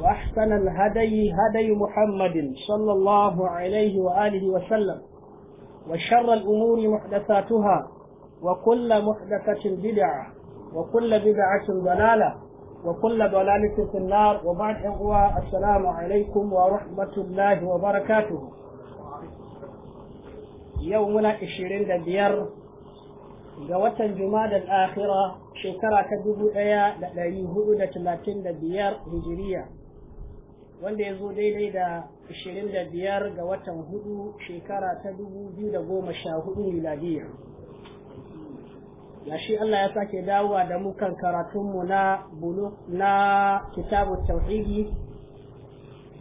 وأحسن الهدي هدي محمد صلى الله عليه وآله وسلم وشر الأمور محدثاتها وكل محدثة بدعة وكل بدعة ضلالة وكل ضلالة في النار وبعد إخوة السلام عليكم ورحمة الله وبركاته يومنا إشرين دبير جوات الجماد الآخرة شكرا كدبو إيا لأيه هدى دبير هجرية wanda ya zo daidai da 25 ga watan hudu shekara ta 2014 miladiya ya shi Allah ya sake dawowa da mukan karatunmu na bulu na kitabu tauhidi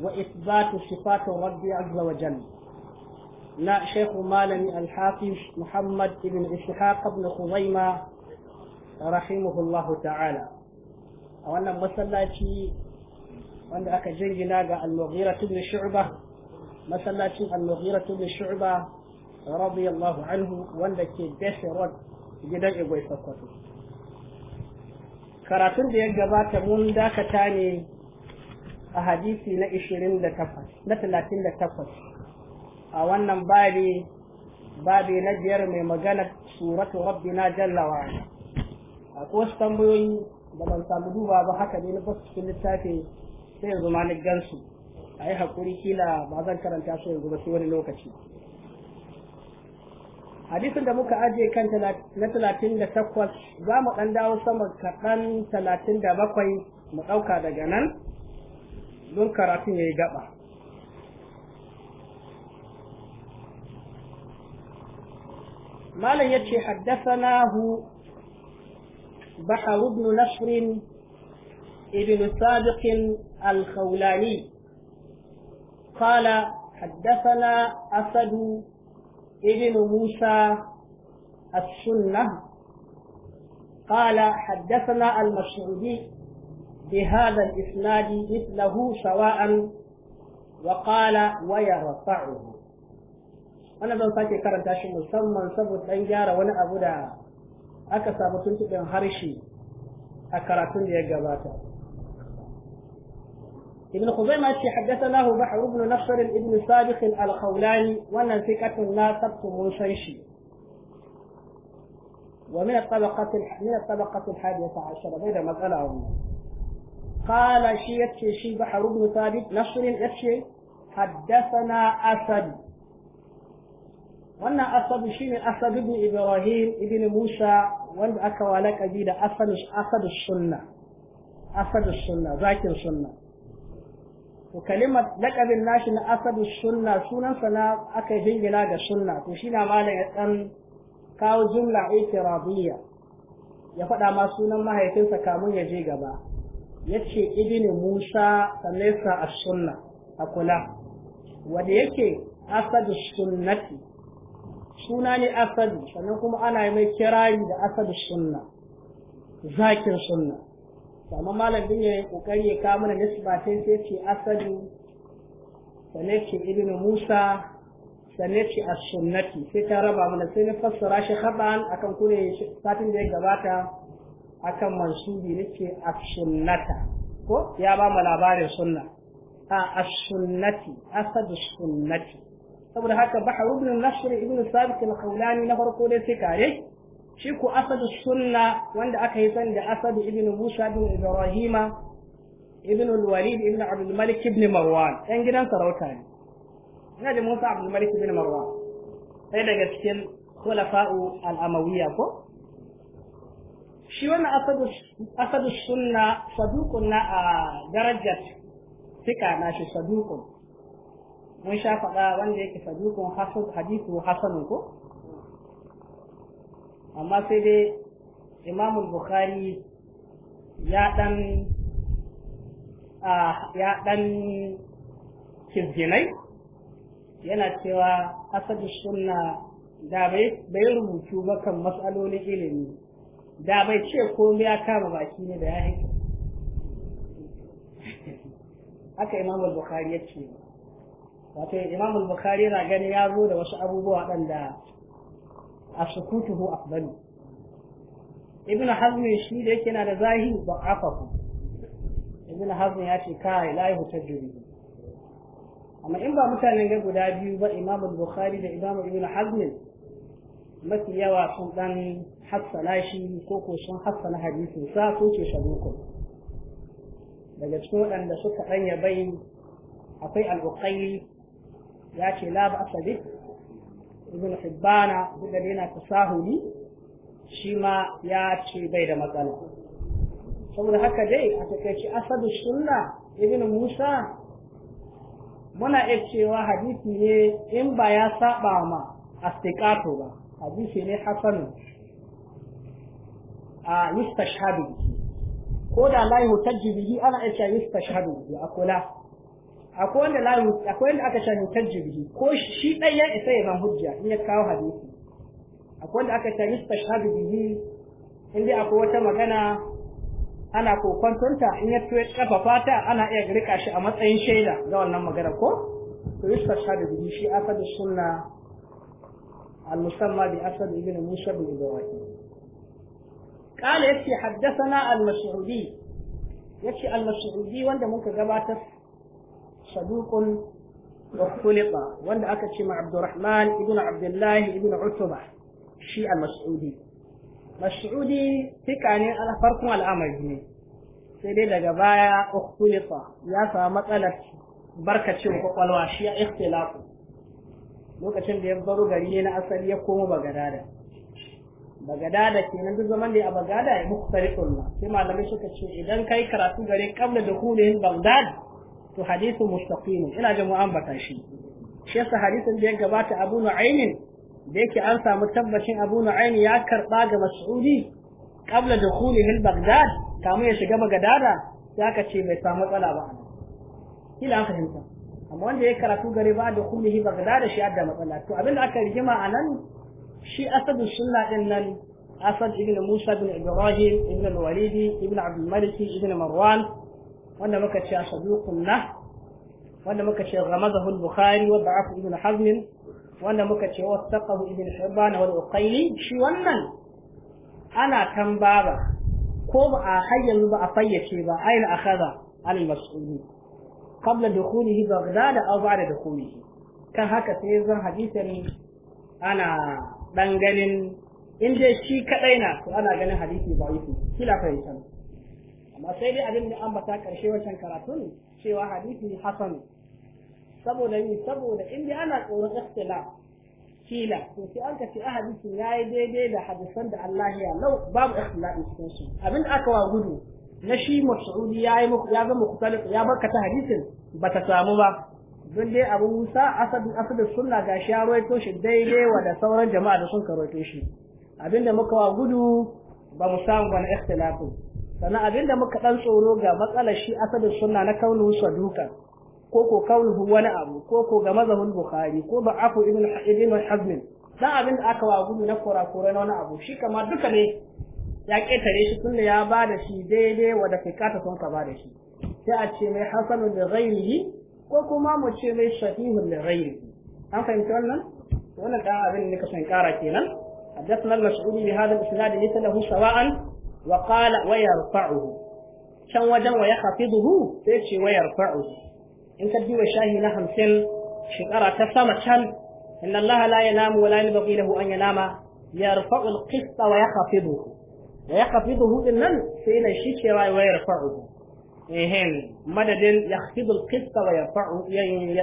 wa isbatu sifatun rabbi azza wa jalla na shekhu malami alhafiz muhammad ibn ishaq ibn khuzaima rahimahullahu ta'ala a wannan masallaci wanda aka jingina ga al-mughira ibn shu'ba masallacin al-mughira ibn shu'ba radiyallahu anhu wanda ke Beshe Road gidan Igwe Sokoto karatun da ya gabata mun dakata ne a hadisi na 28 na 38 a wannan babi babi na biyar mai magana suratu rabbina jalla wa ala akwai wasu tambayoyi da ban samu duba ba haka ne na basu cikin littafi sai yanzu ma ni gansu a yi haƙuri kila ba zan karanta su yanzu ba sai wani lokaci hadisin da muka ajiye kan na talatin da takwas za mu ɗan dawo sama kaɗan talatin da bakwai mu ɗauka daga nan don karatun ya yi gaba malam ya ce haddasanahu bahar ibn nasrin ibn الخولاني قال حدثنا أسد ابن موسى السنة قال حدثنا المشعودي بهذا الإسناد مثله سواء وقال ويرفعه أنا زن ساكي كرم تاشي مسمى سبو تنجار وانا أبو دا أكا سابو تنتقن هرشي أكرا تنجي ابن خزيمة حدثنا هو بحر بن نصر ابن سابق الخولاني وانا ثقة لا سبت منشيشي ومن الطبقة من الطبقة الحادية عشرة غير مسألة عمي. قال شيء شيء شي بحر بن ثابت نصر يتشي حدثنا أسد وانا أسد شيء من أسد بن إبراهيم ابن موسى وانا أكوالك أجيد أسد السنة أسد السنة ذاكر السنة to kalimar lakabin nashi na asabu sunna sunansa na aka jingina ga sunna to shi na malam ya dan kawo jumla itiradiyya ya faɗa ma sunan mahaifinsa kamun ya je gaba ya ce ibini musa sannan a sunna a kula wanda yake asadu sunnati suna ne asadu sannan kuma ana yi mai kirari da asadu sunna zakin sunna to amma malam din yayin kokari ya kawo mana nisba sai sai ce asadu sanai ce Ibn musa sanai ce as-sunnati sai ta raba mana sai na fassara shi haban akan kure satin da ya gabata akan mansubi nake as-sunnata ko ya ba mu labarin sunna a as-sunnati asadu sunnati saboda haka bahar ibn nashr ibn sabit al qawlani na farko dai sai kare shi ku asadu sunna wanda aka yi sani da asadu ibn musa ibn ibrahima ibn walid ibn abdul malik ibn marwan ɗan gidan sarauta ne ina da musa abdul malik ibn marwan sai daga cikin khulafa'u al-amawiyya ko shi wannan asadu asadu sunna saduqun na a darajat fika na shi saduqun mun sha faɗa wanda yake saduqun hasan hadithu hasanun ko amma sai dai imam bukhari ya dan ya dan kizginai yana cewa asadu sunna da bai rubutu ba kan matsalolin ilimi da bai ce komai ya kama baki ne da ya haka imam bukhari ya ce wato imam bukhari yana gani ya zo da wasu abubuwa waɗanda ashukutuhu afdalu ibn hazm shi da yake na da zahiri ba afafu ibn hazm ya ce kai la yuhtajju bihi amma in ba mutanen ga guda biyu ba imam bukhari da imam ibn hazm mafi yawa sun dan hassala shi ko ko sun hassala hadisin sa ko ce sharuku daga cikin waɗanda suka ɗanya bai akwai al ya ce la ba ibn hibbana duka da yana tasahuli shi ma ya ce bai da matsala saboda haka dai a takaici asadu sunna ibn musa muna iya cewa hadisi ne in ba ya saba ma astiqato ba hadisi ne hasan a yustashhadu ko da la yuhtajju ana iya cewa yustashhadu ya akula akwai wanda la akwai wanda aka shani jirgi ko shi dai ya isa ya zan hujja in ya kawo hadisi akwai wanda aka shani tashhadu bihi inda akwai wata magana ana kokontonta in ya tuwe kafa fata ana iya rika shi a matsayin shaida ga wannan magana ko to yustashhadu bihi shi asadu sunna المسمى بأسد بن موسى بن إبراهيم قال يكي حدثنا المسعودي يكي المسعودي وانت ممكن قبعت saduqun wa wanda aka ce ma Abdurrahman ibn Abdullahi ibn Utba shi al-Mas'udi Mas'udi fika ne a farkon ne sai dai daga baya ukhtuliqa ya samu matsalar barkacin kwakwalwa shi ya lokacin da ya baro gari ne na asali ya komo Bagadada Bagadada kenan duk zaman da ya Bagadada ya muku tarikun sai malamai suka ce idan kai karatu garin kabla da kulin Baghdad to hadisin mustaqim ina ga mu ambata shi shi yasa hadisin da ya gabata Abu Nu'aym da yake an samu tabbacin Abu Nu'aym ya karba ga Mas'udi qabla dukhulihi al-Baghdad kamun ya shiga Bagdada ya aka ce bai samu matsala ba kila an fahimta amma wanda ya karatu gari ba dukhulihi Baghdad shi adda matsala to abinda aka rigima anan shi asadu sunna din nan أسد ابن Musa, بن إبراهيم ابن Walidi, ابن عبد الملك ابن wanda muka ce saduqun na wanda muka ce ramadahu al-bukhari wa da'afu ibn hazm wanda muka ce wasaqahu ibn hibban al uqayli shi wannan ana tambaba ko ba a hayyan ba a fayyace ba aina akhadha al-mas'uli qabla dukhulihi baghdad aw ba'da dukhulihi kan haka sai zan hadisin ana dan ganin in dai shi kadai na to ana ganin hadisi da'ifi kila fahimta amma sai dai abin da ambata karshe wancan karatun cewa hadisi hasan saboda ni saboda in dai ana tsoron ikhtilaf kila to sai an kace ahadisi yayi daidai da hadisan da Allah ya lau babu ikhtilaf cikin su abin aka wa gudu na shi mas'udi yayi muku ya ga muku ya barka ta hadisin bata samu ba don dai abu musa asadin asadin sunna ga shi ya roito shi daidai wa da sauran jama'a da sun karoito shi abinda muka wa gudu ba mu samu wani ikhtilafin sannan abinda muka dan tsoro ga matsalar shi asalin sunna na kaunuhu duka ko ko kaunu wani abu ko ko ga mazhabul bukhari ko ba afu ibn ibn hazm dan abin da aka wa gudu na kurakure na wani abu shi kama duka ne ya ketare shi tunda ya ba da shi daidai wanda kai kata son ka ba da shi sai a ce mai hasanu da ghairihi ko kuma mu ce mai sahihun da ghairihi an fahimci wannan wannan da abin da ka san kara kenan حدثنا المسعودي بهذا الاسناد ليس له سواء وقال ويرفعه كان وجن ويخفضه سيشي ويرفعه انت دي وشاهي نحن سل شقرة تسامة كان إن الله لا ينام ولا ينبغي له أن ينام يرفع القصة ويخفضه ويخفضه إنن سينا شيشي ويرفعه إيهن مدد يخفض القصة ويرفعه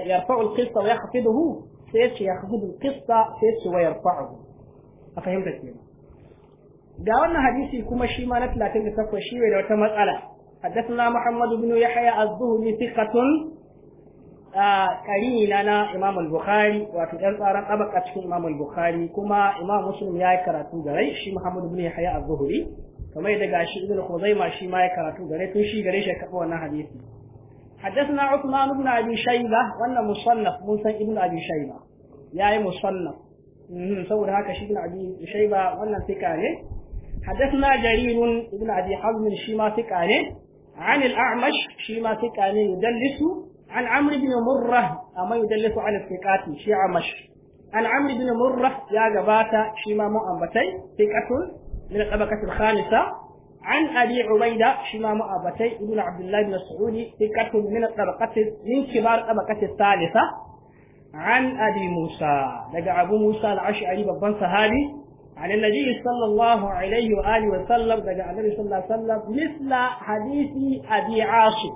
يرفع القصة ويخفضه سيشي يخفض القصة سيشي ويرفعه أفهمت كيف Da wannan hadisi kuma shi ma na 38 shi da wata matsala haddathana muhammad ibn yahya az-zuhri thiqatun qarina na imam al-bukhari wato dan tsaron abaka cikin imam al kuma imam musulun ya yi karatu gare shi muhammad ibn yahya az-zuhri kamar yadda gashi ibn khuzaimah shi ma ya karatu gare tun shi gare shi ya karba wannan hadisi na uthman ibn abi shaybah wannan musannaf musan ibn abi shaybah yayi musannaf hmm, saboda haka shi ibn abi shaybah wannan sika ne حدثنا جرير بن أبي حزم شيما عليه عن الأعمش شيما عليه يدلس عن عمرو بن مرة أما يدلس عن الثقات شي عمش عن عمرو بن مرة يا جباتا شيما امبتي ثقة من الطبقة الخامسة عن أبي عبيدة شما مؤبتي ابن عبد الله بن سعود ثقة من الطبقة من كبار الطبقة الثالثة عن أبي موسى لقى أبو موسى العشعري ببن صحابي عن النبي صلى الله عليه وآله وسلم دقى النبي صلى الله عليه وسلم مثل حديث أبي عاصم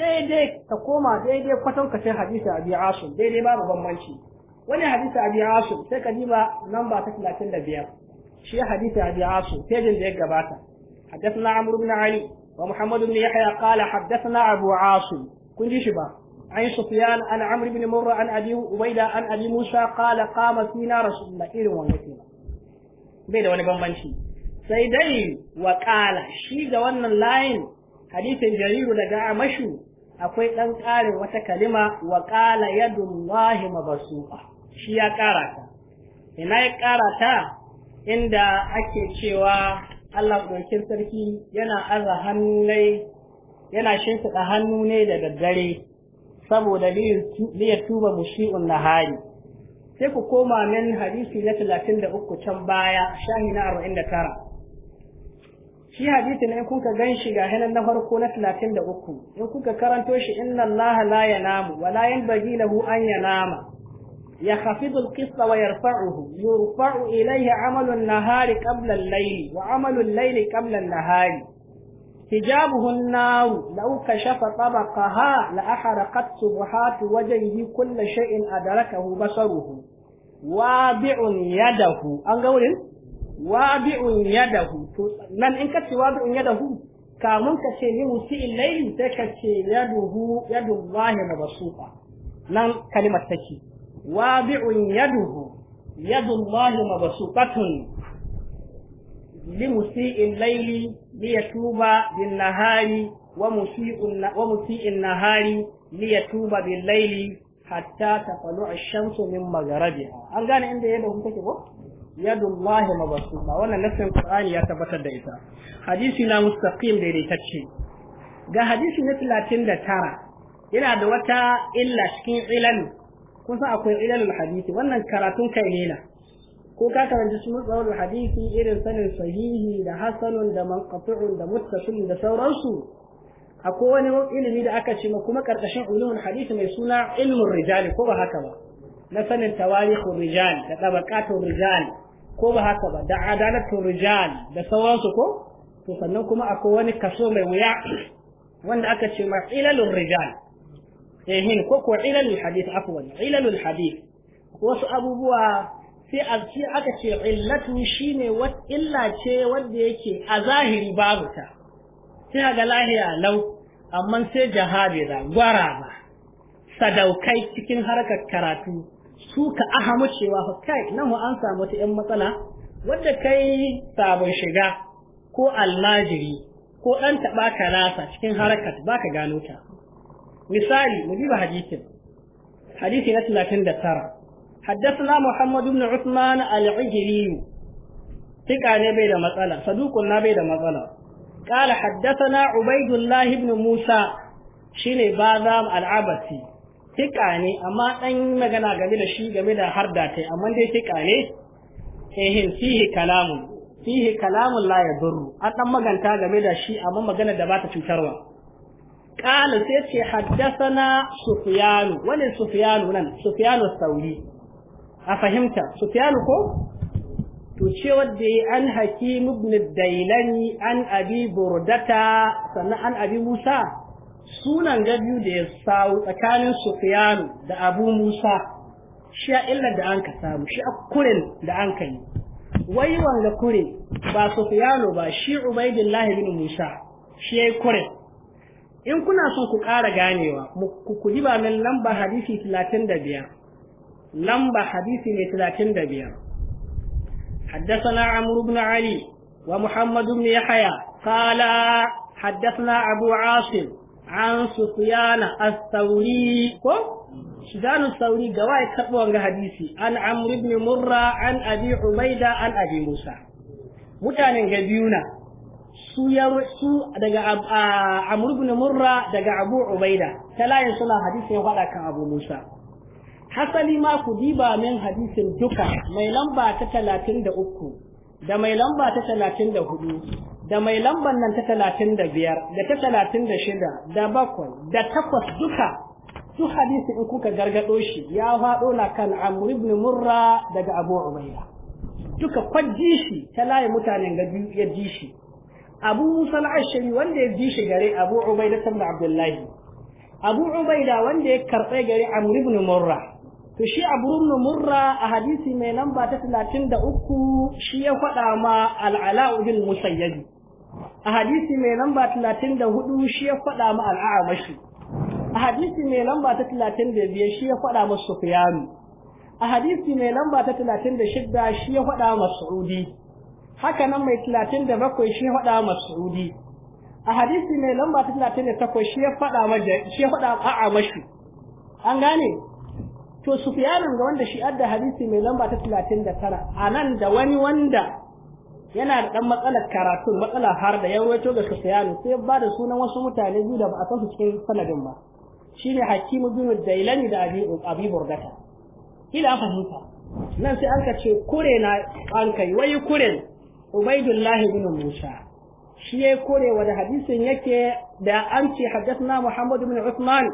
daidai ka koma daidai kwatankacin hadisi abi asim daidai babu bambanci wani hadisi abi asim sai ka diba namba ta talatin da biyar shi hadisi abi asim pejin da ya gabata حدثنا عمرو بن علي ومحمد بن يحيى قال حدثنا أبو عاصم كنت شبه عن سفيان عن عمرو بن مرة عن أبي عبيدة عن أبي موسى قال قام فينا رسول الله إلى ونكينا bai da wani bambanci sai dai wa kala shi ga wannan layin hadisin jariru daga amashu akwai ɗan ƙarin wata kalima wa kala yadullahi mabsuqa shi ya ƙarata. ina ya ƙara inda ake cewa Allah dokin sarki yana arza hannu ne yana shimfiɗa hannu ne da daddare saboda liyar tuba mushi'un nahari sai ku koma min hadisi na 33 can baya shahi na 49 shi hadisi ne kuka gan shi ga hanan na farko na 33 in kuka karanto shi inna Allah la yanamu wa la yanbaghi lahu an yanama يخفض القسط ويرفعه يرفع إليه عمل النهار wa الليل وعمل الليل قبل nahari حجابه النار لو كشف طبقها لأحرقت سبحات وجهه كل شيء أدركه بصره واضع يده أنقول واضع يده من إنك واضع يده kamun ka ce ni wusi illaili sai ka ce yaduhu yadullahi mabsuta nan kalimar take wabi'un yaduhu yadullahi mabsutatun li in ليتوب بالنهار ومسيء النهار ليتوب بالليل حتى تطلع الشمس من مغربها an gane inda yadda kun take ko yadullahi mabsuta wannan nassin qur'ani ya tabbatar da ita hadisi na mustaqim da ne ga hadisi na 39 yana da wata illa cikin ilal kun san akwai ilalul hadisi wannan karatun kai ne na ko ka karanci su matsawar hadisi irin sanin sahihi da hasanun da manqati'un da muttasil da sauransu akwai wani ilimi da aka ce ma kuma karkashin ulumul hadisi mai suna ilmun rijal ko ba haka ba na sanin tawarikhul rijal da tabaqatul rijal ko ba haka ba da adalatul rijal da sauransu ko to sannan kuma akwai wani kaso mai wuya wanda aka ce ma ilalul rijal ehin eh, ko ko ilalul hadith afwan ilalul hadith wasu abubuwa sai a ce aka ce illatu shine ne illa ce wanda yake a zahiri babu ta sai ga lahiya lau amma sai da gwara ba sadaukai cikin harkar karatu su ka ahamu cewa kai nan an samu ta yan matsala wanda kai sabon shiga ko almajiri ko ɗan taɓa ka rasa cikin harkar ba ka gano ta misali mu diba hadisin hadisi na talatin da tara حدثنا محمد بن عثمان العجلي ثقة نبي مسألة صدوق النبي نبي مسألة قال حدثنا عبيد الله بن موسى شيني باذام العبسي ثقة ني أما أن مجانا جميل شيء جميل هرداتي أما دي ثقة ني إيه فيه كلام فيه كلام لا يضر أتم مجانتا جميل شيء أما مجانا دبات تشروا قال سيتي حدثنا سفيان ولن سفيان ولن سفيان الثوري a fahimta sufyan ko to ce wadda yi an haki mubni dailani an abi burdata sannan an abi musa sunan gabiyu da ya sawo tsakanin sufyan da abu musa shi a illar da an ka samu shi a kurin da an ka yi wai wanga kurin ba sufyan ba shi ubaidillah ibn musa shi ya yi kurin in kuna son ku ƙara ganewa ku ba min lamba hadisi biyar. lamba hadisi mai talatin da biyar حدثنا عمرو بن علي ومحمد بن يحيى قال حدثنا أبو عاصم عن سفيان الثوري سفيان الثوري جواي كتبوا حديثي عن عمرو بن مرة عن أبي عبيدة عن أبي موسى mutanen ga biyu na su su daga Amr ibn Murra daga Abu Ubaida ta layin suna hadisi ya faɗa kan Abu Musa hasali ma ku diba min hadisin duka mai lamba ta talatin da uku da mai lamba ta talatin da hudu da mai lamban nan ta talatin da biyar da ta talatin da shida da bakwai da takwas duka su hadisi in kuka gargado shi ya faɗo na kan amur ibn murra daga abu ubaida duka kwaji shi ta laye mutanen ga biyu ya ji shi abu musa al wanda ya ji shi gare abu ubaida ibn abdullahi abu ubaida wanda ya karɓe gare amur ibn murra to shi a ibn murra a hadisi mai lamba ta 33 shi ya faɗa ma al'ala bin musayyib a hadisi mai lamba 34 shi ya faɗa ma al'amashi a hadisi mai lamba ta 35 shi ya faɗa ma sufyan a hadisi mai lamba ta 36 shi ya faɗa ma sa'udi haka nan mai 37 shi ya faɗa ma sa'udi a hadisi mai lamba ta 38 shi ya faɗa ma shi ya faɗa ma'a mashi an gane to sufyanan ga wanda shi adda hadisi mai lamba ta 39 nan da wani wanda yana da dan matsalar karatu matsalar har da ya to ga sufyanu sai ba da sunan wasu mutane biyu da ba a san su cikin sanadin ba shine hakimu bin dailani da abi abi Burdata kila fahimta nan sai an ka ce kure na an kai wai kure ubaidullahi bin musa shi ya kore wa da hadisin yake da an ce haddathna muhammad bin usman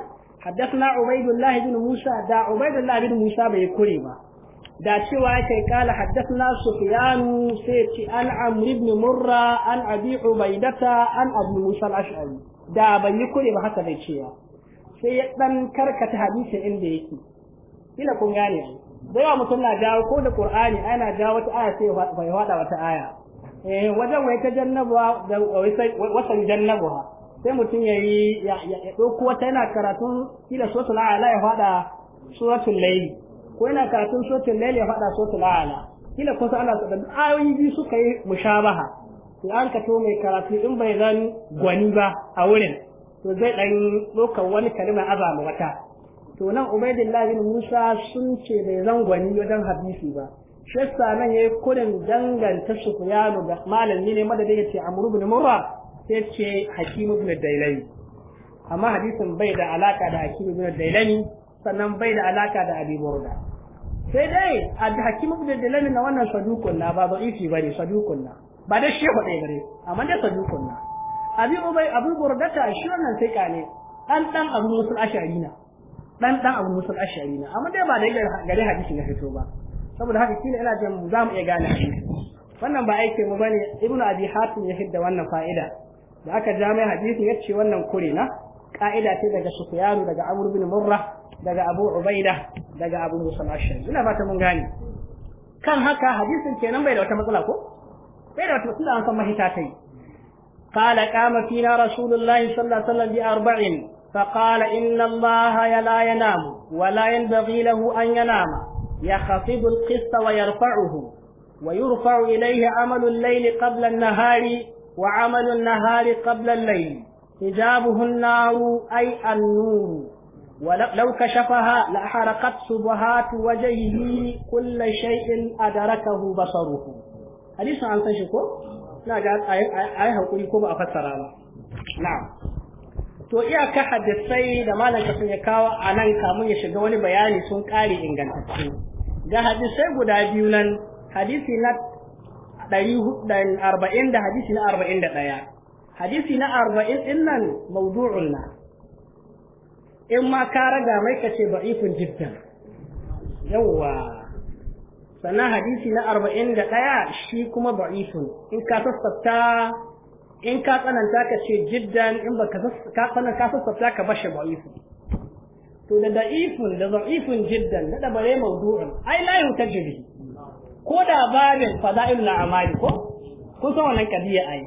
حدثنا عبيد الله بن موسى دا عبيد الله بن موسى بي كوري دا cewa kai kala haddathna sufyan sai an amr ibn murra an abi ubaidata an abu musa al-ash'ari da ban yi kure ba haka zai cewa sai ya dan karkata hadisin inda da yawa mutum na jawo ko da qur'ani ana jawo wata aya sai ya wada wata aya eh wajen wai ta jannabuwa da wai sai wasan sai mutum ya yi ya ɗauko wata yana karatun kila sotu la'ala ya faɗa suratul laili ko yana karatun suratul laili ya faɗa sotu la'ala kila kusa ana Allah ayoyi biyu suka yi mushabaha to an ka mai karatu in bai zan gwani ba a wurin to zai ɗan ɗaukar wani kalima azama wata to nan UbaidulLahi bin musa sun ce bai zan gwani wajen hadisi ba shi nan yi kudin danganta su ga malami ne madadin ya ce amru bin murra sai ce Hakimu ibn dailani amma hadisin bai da alaka da Hakimu ibn dailani sannan bai da alaka da abi burda sai dai Hakimu ibn dailani na wannan sadukun na ba ifi bane sadukun na ba da shehu dai bare amma da sadukun na abi ubay abu ta shi wannan sai kane dan dan abu musul ashari na dan dan abu musul ashari na amma dai ba da gare hadisi na fito ba saboda haka kila ila jin za mu iya gane wannan ba aike mu bane ibnu abi hatim ya hidda wannan fa'ida da aka ja mai hadisi ya ce wannan kure na ka'ida ce daga sufyanu daga amr bin murra daga abu ubaida daga abu musa ashari ina fata mun gane kan haka hadisin kenan bai da wata matsala ko bai da wata matsala an san mahita tai قال قام فينا رسول الله صلى الله عليه وسلم بأربع فقال إن الله لا ينام ولا ينبغي له أن ينام يخفض القسط ويرفعه ويرفع إليه عمل الليل قبل النهار وعمل النهار قبل الليل حجابه النار أي النور ولو كشفها لأحرقت سبهات وجهه كل شيء أدركه بصره حديث عن تشكو لا قال أي هقولي كوبا أفسر نعم to iyaka hadisai da malam sun ya kawo a nan kamun ya shiga wani bayani sun kare ingantacce ga hadisai guda biyu nan hadisi na arba'in da hadisi na arba'in da ɗaya hadisi na arba'in ɗin nan maudu'un na in ma ka raga mai ka ce da'ifun jiddan yawwa sana hadisi na arba'in da ɗaya shi kuma da'ifun in ka sassafta in ka tsananta ka ce jiddan in ba ka sassafta ka bashe da'ifun to da da'ifun da da'ifun jiddan na dabare maudu'un ai la yau ta jirgi ko da babin fada'ilul a'mali ko kun san wannan kadiya ai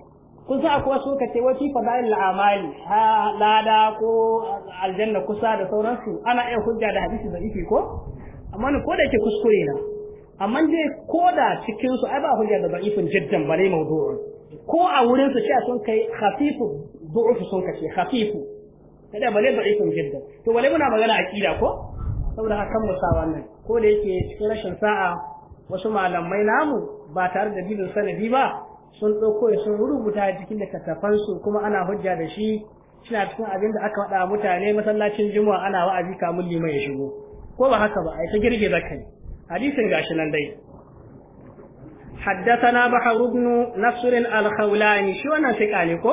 kun san akwai wasu kace wati fada'ilul a'mali ha lada ko aljanna kusa da sauransu ana iya hujja da hadisi da yake ko amma ne ko da yake kuskure na amma dai ko da cikin su ai ba hujja da baifin jiddan bare mawdu'un ko a wurin su cewa sun kai khafifu du'ufu sun kace khafifu kada bare baifin jiddan to wale muna magana akida ko saboda haka kan musa wannan ko da yake cikin rashin sa'a wasu malamai namu ba tare da bidin sanadi ba sun ɗauko ya sun rubuta a cikin littattafansu kuma ana hujja da shi suna cikin abin da aka faɗa mutane masallacin juma'a ana wa'azi kamun liman ya shigo ko ba haka ba a ta girge zakai hadisin gashi nan dai حدثنا بحر بن نصر الخولاني شو أنا ثقاني كو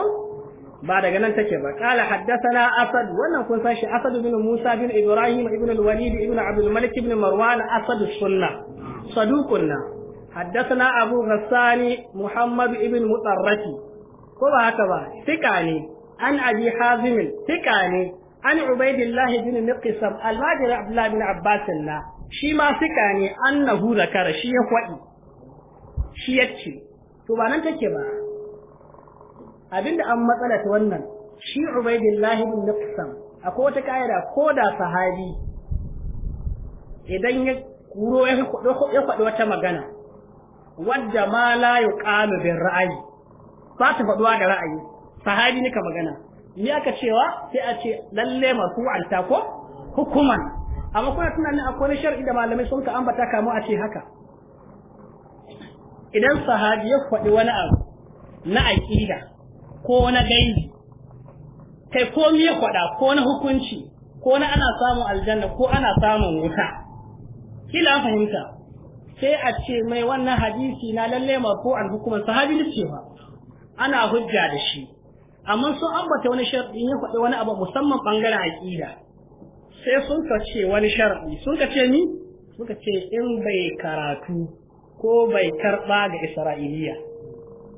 بعد أن تكبا قال حدثنا أسد وأنا كنت أسد بن موسى بن إبراهيم بن الوليد بن عبد الملك بن مروان أسد السنة صدوقنا حدثنا أبو غسان محمد بن مطرتي كما هكذا ثقاني عن أبي حازم ثقاني عن عبيد الله بن مقسم الواجر عبد الله بن عباس الله شي ما ثقاني أنه ذكر شي يخوئي شي ya ce ننتكي ba nan take ba abinda an matsala ta wannan shi ubaidillahi bin nafsan akwai wata ka'ida ko da sahabi idan ya wuro ya faɗi wata magana wadda ma la yuqalu bin ra'ayi ba ta faɗuwa da ra'ayi sahabi nika magana ni aka cewa sai a ce lalle marfu'an ta ko hukuman amma kuna tunanin akwai shar'i da malamai sun ka ambata kamu a ce haka idan sahabi ya faɗi wani abu na aƙida ko na gaibi kai ko ya faɗa ko na hukunci ko na ana samun aljanna ko ana samun wuta kila an fahimta sai a ce mai wannan hadisi na lalle ma ko an sahabi ne ba ana hujja da shi amma sun ambata wani sharadi ya faɗi wani abu musamman bangaren aqida sai sun ka ce wani sharadi sun ka ce ni suka ce in bai karatu ko bai karba ga isra'iliya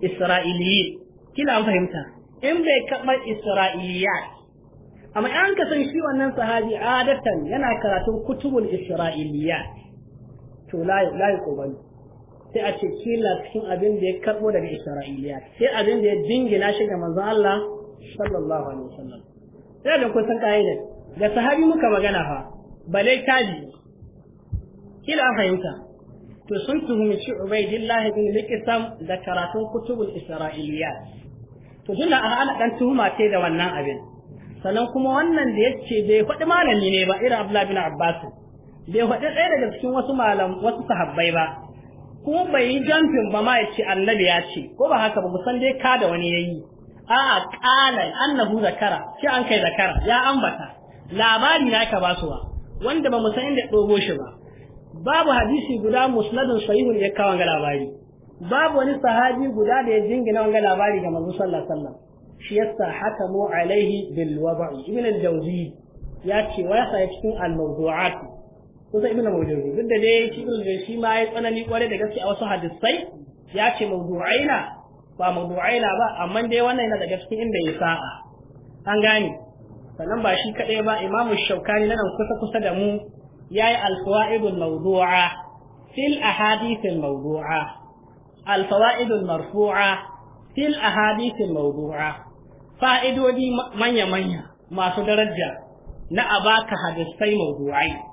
isra'iliyi kila an fahimta in bai karba Isra'iliya? amma an ka san shi wannan sahabi adatan yana karatun kutubul isra'iliya to la yuqbalu sai a ce kila cikin abin da ya karbo daga isra'iliya sai abin da ya dingina shi ga manzon Allah sallallahu alaihi wasallam sai da kun san kaida ga sahabi muka magana fa bale kaji kila an fahimta to sun tuhumi shi ubaidillah ibn liqsam da karatun kutubul isra'iliya to da an dan tuhuma sai da wannan abin sannan kuma wannan da yace bai faɗi malami ne ba irin Abdullah bin Abbas bai faɗi ɗaya daga cikin wasu malam wasu sahabbai ba kuma bai yi jamfin ba ma ya ce annabi ya ce ko ba haka ba musan dai ka da wani yayi a'a qala annahu zakara shi an kai zakara ya ambata labari na ka ba ba. wanda ba mu san inda dogo shi ba babu hadisi guda musnadun sahihun ya kawo ga labari babu wani sahabi guda da ya jingina wanga labari ga manzo sallallahu alaihi wasallam shi yasa hakamu alaihi bil wada'i ibn al-jawzi ya ce wa yasa cikin al-mawdu'at kusa ibnu mawdu'i duk da dai shi ibnu mawdu'i shi ma ya tsanani kware da gaske a wasu hadisai ya ce mawdu'aina ba mawdu'aina ba amma dai wannan yana da cikin inda ya sa'a an gane sannan ba shi kadai ba imamu shaukani na nan kusa kusa da mu yayi al-fawaidul mawdu'a fil ahadith al-mawdu'a al-fawaidul marfu'a fil ahadithin mawdu'a fa'idodi manya-manya masu daraja na abaka hadisai mawdu'ai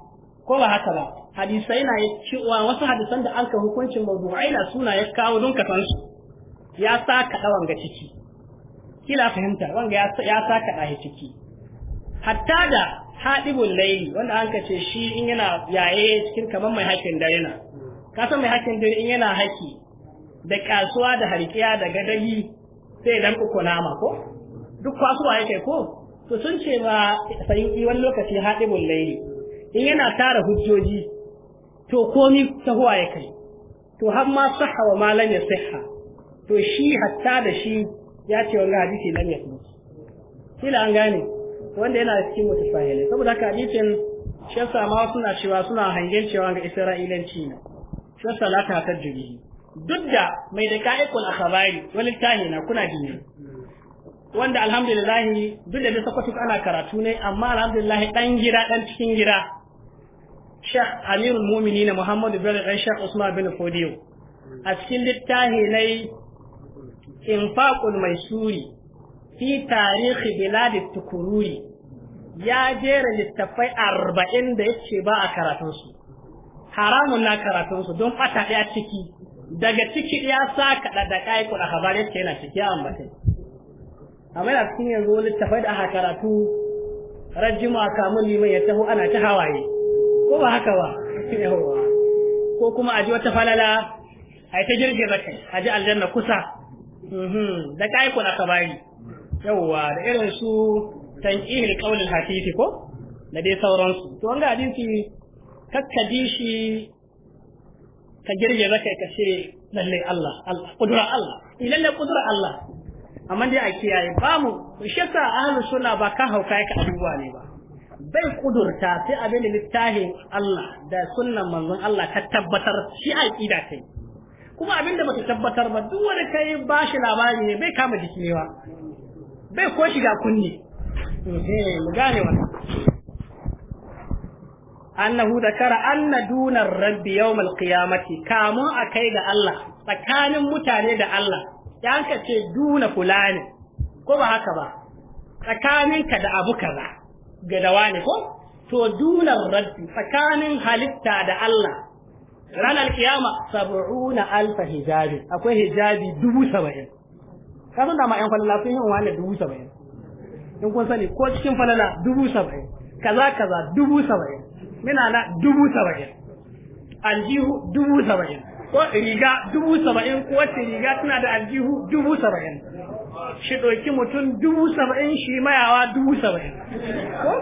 ko ba haka ba hadisai na ya wa wasu hadisan da an ka hukuncin mawdu'ai na suna ya kawo don ka su ya sa dawan ga ciki kila fahimta wanga ya sa ka dahi ciki hatta da hadibul layli wanda an ka ce shi in yana yaye cikin kaman mai hakin dare na ka san mai hakin dare in yana haki da kasuwa da harkiya da gadagi sai dan ku nama ko duk kwasuwa yake ko to sun ce ba sai wani lokaci hadibul layli in yana tara hujjoji to komi sahuwa ya kai to har ma sahha wa ma ya saha, to shi hatta da shi ya ce wanga hadisi lam kuma kila an gane wanda yana cikin mutafahili saboda haka hadisin shi ma suna cewa suna hangen cewa ga isra'ilanci ne shi salata ta duk da mai da ka'ikul akhbari walillahi na kuna jini wanda alhamdulillah duk da bisa kwatuk ana karatu ne amma alhamdulillah dan gida dan cikin gida Sheikh Amirul na Muhammadu Bello dan Sheikh Usman bin Fodiyo a cikin littafi na Infaqul suri fi tarihi biladi tukururi ya jera littafai arba'in da yake ba a karatunsu haramun na karatunsu don fata ɗaya ciki daga ciki ya sa kaɗa da ƙayi kuɗa habar yake yana ciki a ambatai amma yana cikin yanzu littafai da aka karatu rajima kamun liman ya taho ana ta hawaye ko ba haka ba ko kuma a ji wata falala a ta girgiza kai a ji aljanna kusa mhm. da ka kai kuna kabari Yawwa da irin su ihil qawlil hakiki ko da dai sauransu to wanga hadisi kakkadi shi ka girgiza kai ka ce lallai Allah Allah kudura Allah eh, lallai kudura Allah amma dai a kiyaye ba mu shi yasa ahlus sunna ba ka hauka ka abubuwa ne ba bai kudurta sai abin da littafin Allah da sunnan manzon Allah ka tabbatar shi ƙida kai kuma abin da baka tabbatar ba duk wani kai ba shi labari ne bai kama jiki ne ba bai ko shiga kunni eh, mu gane wannan annahu dakara anna dunar rabbi yawmal qiyamati kamun kai ga Allah tsakanin mutane da Allah yanka ce duna fulani ko ba haka ba tsakaninka da abu kaza ga dawa ne ko to dunan raddi tsakanin halitta da Allah ranar kiyama sab'una alfa hijabi akwai hijabi dubu saba'in ka da ma yan falala sun yi wane dubu saba'in in kun sani ko cikin falala dubu saba'in kaza kaza dubu saba'in mina na dubu saba'in aljihu dubu saba'in ko riga dubu saba'in ko wacce riga tana da aljihu dubu saba'in shi ɗauki mutum dubu saba'in shi mayawa dubu saba'in ko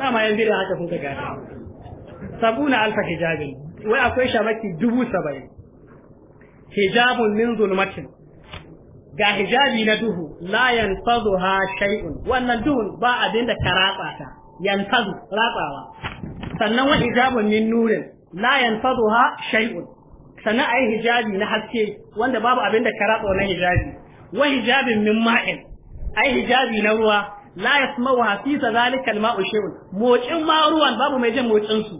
na ma yanzu da haka sun ka Sabu sabuna alfa hijabin wai akwai shamaki dubu saba'in hijabun min zulmatin ga hijabi na duhu la yanfazu ha shay'un wannan duhun ba abin da ka ratsa ta yanfazu ratsawa sannan wa hijabun min nurin la yanfazu ha shay'un sannan yi hijabi na haske wanda babu abin da ka ratsa wannan hijabi wa hijabin min ma'in ai hijabi na ruwa la yasma'u fi zalika al-ma'u shay'un mocin ma ruwan babu mai jin mocin su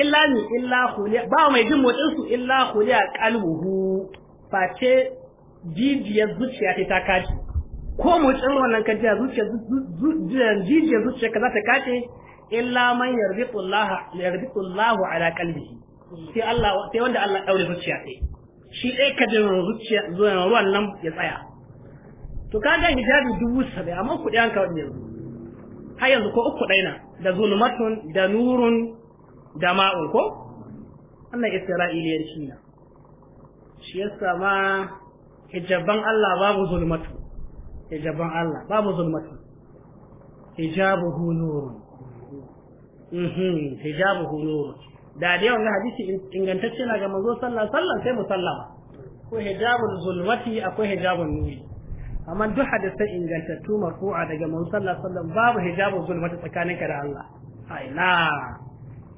illa ni illa khuliya babu mai jin mocin su illa khuliya qalbuhu face jijiyar zuciya ta ta ko mocin wannan ka jiya zuciya jijiyar zuciya ka za ta kace illa man yarbitu Allah yarbitu Allah ala qalbihi sai Allah sai wanda Allah daure zuciya sai shi ɗaya ka da ruwan nan ya tsaya to ka ga hijabi dubu saba'in amma kuɗi an kawai yanzu har yanzu ko uku ɗaina da zulmatun da nurun da ma'un ko wannan isra'iliyanci na shi ya sama hijaban Allah babu zulmatu hijaban Allah babu zulmatu hijabuhu nurun mhm hijabuhu da da yawan hadisi ingantacce na ga manzo sallallahu sallam sai musallama ko hijabul zulmati akwai hijabul nuri amma duk hadisai ingantattu marfu'a daga manzo sallallahu sallam babu hijabul zulmati tsakaninka da Allah ai ina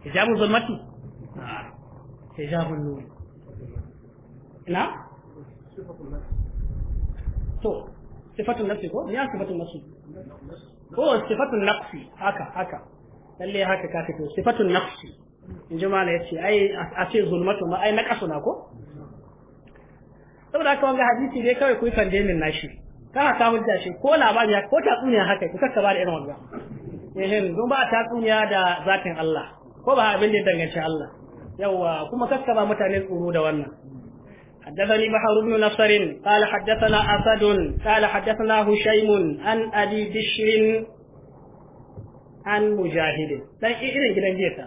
hijabul zulmati hijabul nuri na to sifatun nafsi ko ya sifatun nafsi ko sifatun nafsi haka haka lalle haka ka fito sifatun nafsi in ji mala yace ai a ce zulmatu ma ai na kasu na ko saboda haka wanga hadisi dai kawai kuyi yi min nashi kana ta hujja shi ko labari ko tatsuniya haka ku kakka ba da irin wanga ehin don ba tatsuniya da zatin Allah ko ba abin da danganci Allah yawa kuma kakka ba mutane tsoro da wannan حدثني بحر بن نصر قال حدثنا أسد قال حدثنا هشيم عن أبي بشر عن مجاهد لن إيرن جدا جيتا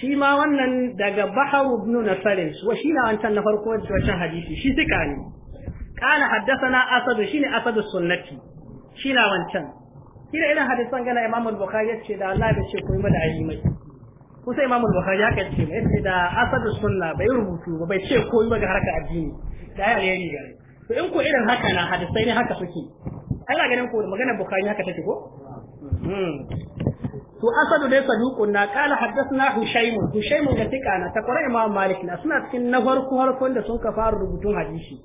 shi ma wannan daga bahar ibn nafarin wa shi na wancan na farko wancan hadisi shi suka ne kana haddathana asadu ne asadu sunnati shi na wancan kila irin hadisan gana imam al-bukhari yace da Allah da ce koyi mada ayi mai kusa imam al-bukhari ya kace mai yace da asadu sunna bai rubutu ba bai ce koyi ba ga harka addini da ya yi gare to in ko irin haka na hadisai ne haka suke ga ganin ko magana bukhari haka take ko hmm. وأسد ليس دوقنا قال حدثنا هشيم هشيم جتك أنا تقرأ إمام مالك لا سنة كن نفر كهر كن سنك فار ربطون حديثي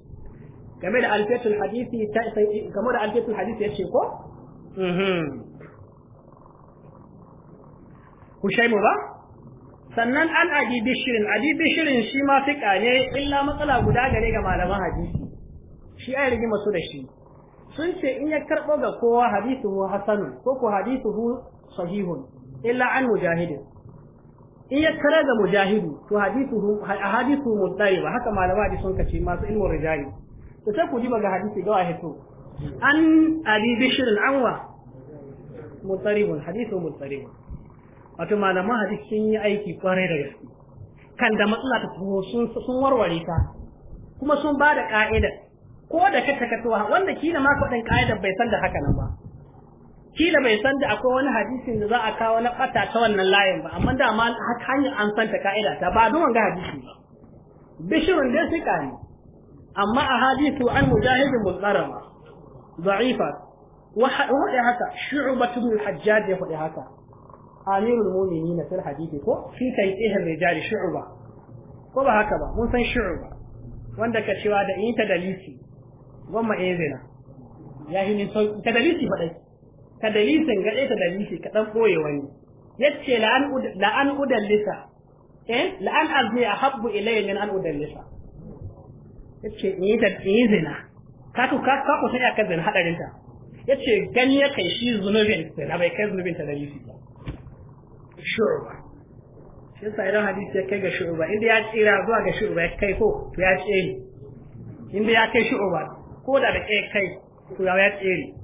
كما دا ألفية الحديث كما دا ألفية الحديث يشيكو هشيم با sannan an bishirin abi bishirin shi ma fiƙa ne illa matsala guda gare ga malaman hadisi shi ai rigima su da shi sun ce in ya karɓo ga kowa hadisuhu hasanun ko ko hadisuhu sahihun إلا an مجاهد in ya kare da mujahidu to hadithu hadithu muddai ba haka malama da kace masu ilmu rijali to sai ku ji ga hadisi da wahito an anwa wato malama hadisi sun yi aiki kwarai da gaske kan da matsala ta sun warware ta kuma sun ba da ko da ka taka wanda kila ma faɗin ka'idar bai san da haka nan ba kila bai san da akwai wani hadisin da za a kawo na ɓata ta wannan layin ba amma da ma hanyar an san ta ka'ida ta ba don ga hadisi ba da dai sika ne amma a hadisu an mujahidin mutsarama za'ifa wa haka shu'batu bil hajjaj ya faɗi haka amirul mu'minin fil hadisi ko fi tayyihin rijal shu'ba ko ba haka ba mun san shu'ba wanda ka cewa da in ta dalisi gwamma ezina eh ya hinin sauki ta dalisi faɗai ka dalisin gaɗe da dalisi ka ɗan ɓoye wani yace la an udallisa eh la an azmi ahabbu ilayya min an udallisa yace ni da izina ka ku ka ku sai aka kazin hadarin ta yace gani ya kai shi zunubin na bai kai zunubin ta dalisi ba shuruba shi yasa idan hadisi ya kai ga shuruba inda ya tsira zuwa ga shuruba ya kai ko to ya tsere inda ya kai shuruba ko da da kai to ya tsere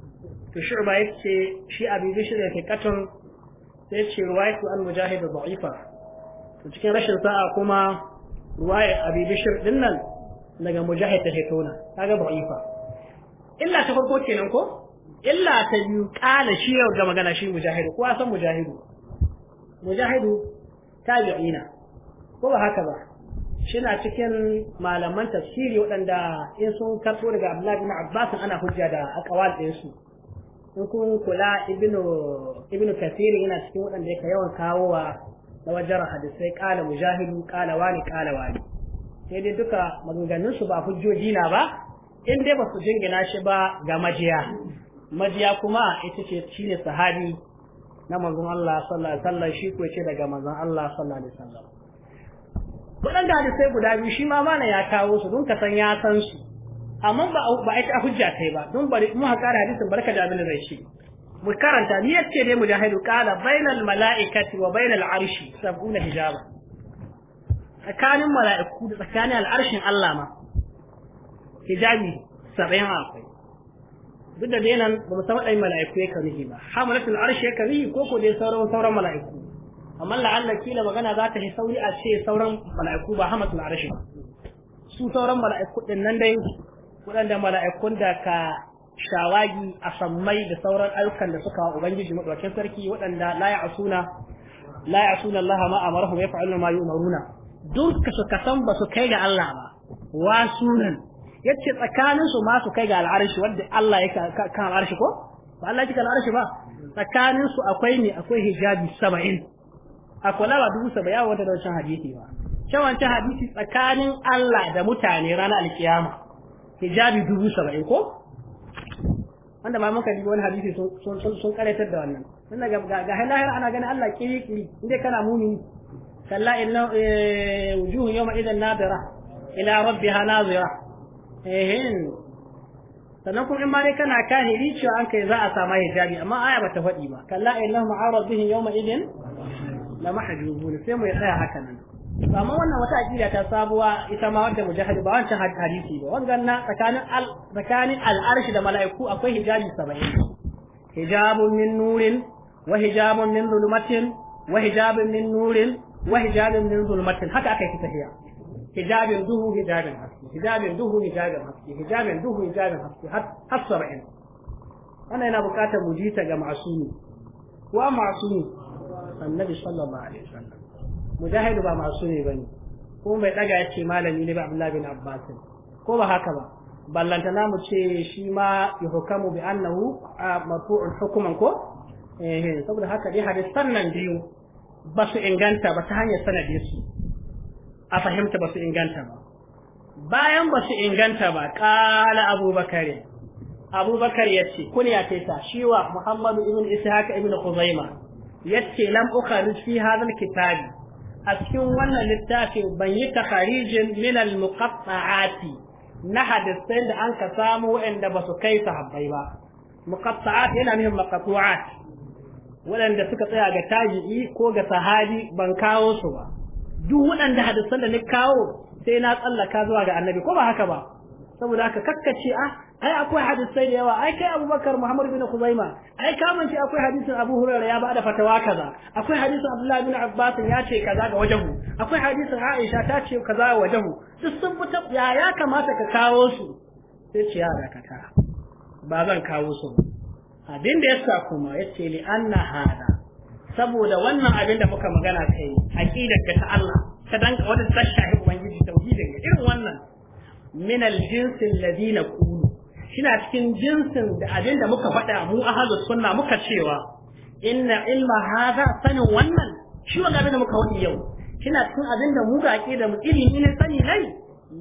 to shu'ba yace shi abi bishir yake sai ce ruwayatu an mujahid da'ifa to cikin rashin sa'a kuma ruwaya abi bishir din nan daga mujahid ta kaga da'ifa illa ta farko kenan ko illa ta yi kala shi yau magana shi mujahidu ko san mujahidu mujahidu ko ba haka ba shina cikin malaman tafsiri waɗanda in sun karɓo daga Abdullahi bin Abbas ana hujja da aqwal ɗinsu su in kun kula ibnu ibnu yana cikin waɗanda yake yawan kawowa na wajen hadisai kala mujahidu kala wani kala wani sai dai duka maganganun ba hujjoji na ba in dai ba su jingina shi ba ga majiya majiya kuma ita ce shine sahabi na manzon Allah sallallahu shi ko ce daga manzon Allah sallallahu alaihi wasallam waɗanda hadisai guda biyu shi ma mana ya kawo su don ka san ya san su amma ba ba ai ta hujja kai ba don bari mu haka da hadisin barka da abin da zai shi mu karanta ni yace dai mujahidu qala bainal malaikati wa bainal arshi sabuna hijaba tsakanin mala'iku da tsakanin al'arshin Allah ma hijabi saba'in akwai duk da nan ba mu san wadannan mala'iku yake nihi ba hamalatul arshi yake nihi ko ko dai sauran sauran mala'iku amma la'alla kila magana za ta yi sauri a ce sauran mala'iku ba hamatul arshi ba su sauran mala'iku din nan dai waɗanda mala'ikun da ka shawagi a sammai da sauran ayyukan da suka ubangiji madaukakin sarki waɗanda la ya'suna la ya'suna Allah ma amarahum yaf'aluna ma yi umaruna. dukka su ka san ba su kai ga Allah ba Wa wasunan yace tsakanin su ma su kai ga al'arshi wadda Allah ya kan al'arshi ko ba Allah ya kan al'arshi ba tsakanin su akwai ne akwai hijabi 70 akwai lawa dubu 70 yawa wanda da wancan hadisi ba can wancan hadisi tsakanin Allah da mutane ranar alkiyama hijabi dubu saba'in ko wanda ma muka wani hadisi sun karatar da wannan tun daga ga lahira ana ganin Allah kiri kiri inda kana mumini kalla inna eh, wujuhu yawma idan nadira ila ha nazira ehin sannan kuma in ma dai kana kahiri cewa an kai za a sama hijabi amma aya bata faɗi ba kalla innahum an rabbihim yawma idin la ne sai mu tsaya haka nan amma wannan wata aqida ta sabuwa ita ma wanda mujahid ba wancan hadisi ba wannan na tsakanin al tsakanin al'arshi da mala'iku akwai hijabi 70 hijabun min nurin wa hijabun min zulumatin wa hijabun min nurin wa hijabun min zulumatin haka aka yi tafiya hijabin duhu hijabin haske hijabin duhu hijabin haske hijabin duhu hijabin haske har 70 wannan yana bukatar mujita ga masumi wa masumi annabi sallallahu alaihi wasallam mujahidu ba masu ne bane ko mai daga yake malami ne ba abdullahi bin abbas ko ba haka ba ballanta na mu ce shi ma yuhkamu bi annahu marfu'un hukuman ko eh saboda haka dai hadis nan biyu ba su inganta ba ta hanyar sanade su a fahimta ba su inganta ba bayan ba su inganta ba kala abubakar abubakar ya ce kun ya ta shi wa muhammadu ibn ishaq ibn Khuzaimah yace lam ukhrij fi hadha alkitabi a cikin wannan littafin ban yi takarijin min al muqatta'ati na hadisai da an ka samu waɗanda ba su kai sahabbai ba muqatta'at yana nufin maqtu'at waɗanda suka tsaya ga tabi'i ko ga sahabi ban kawo su ba duk waɗanda hadisan da ni kawo sai na tsallaka zuwa ga annabi ko ba haka ba saboda haka kakkace ah ai akwai hadisai da yawa ai kai abubakar muhammad bin khuzaima ai kamanci akwai hadisin abu hurairah ya bada fatawa kaza akwai hadisin abdullahi bin abbas ya ce kaza ga wajahu akwai hadisin aisha ta ce kaza ga wajahu duk sun fita ya ya kamata ka kawo su sai ce ya dakata ba zan kawo su abin da yasa kuma yace li anna hada saboda wannan abin da muka magana kai aqidar ta Allah ta danka wanda ta shahi ubangiji tauhidin irin wannan min al-jinsi alladhina qulu shina cikin jinsin da abin da muka faɗa mu a ahlus sunna muka cewa inna ilma hadha sanin wannan shi wannan abin da muka wani yau shina cikin abin da mu ga aqida mu ilimi ne sani lai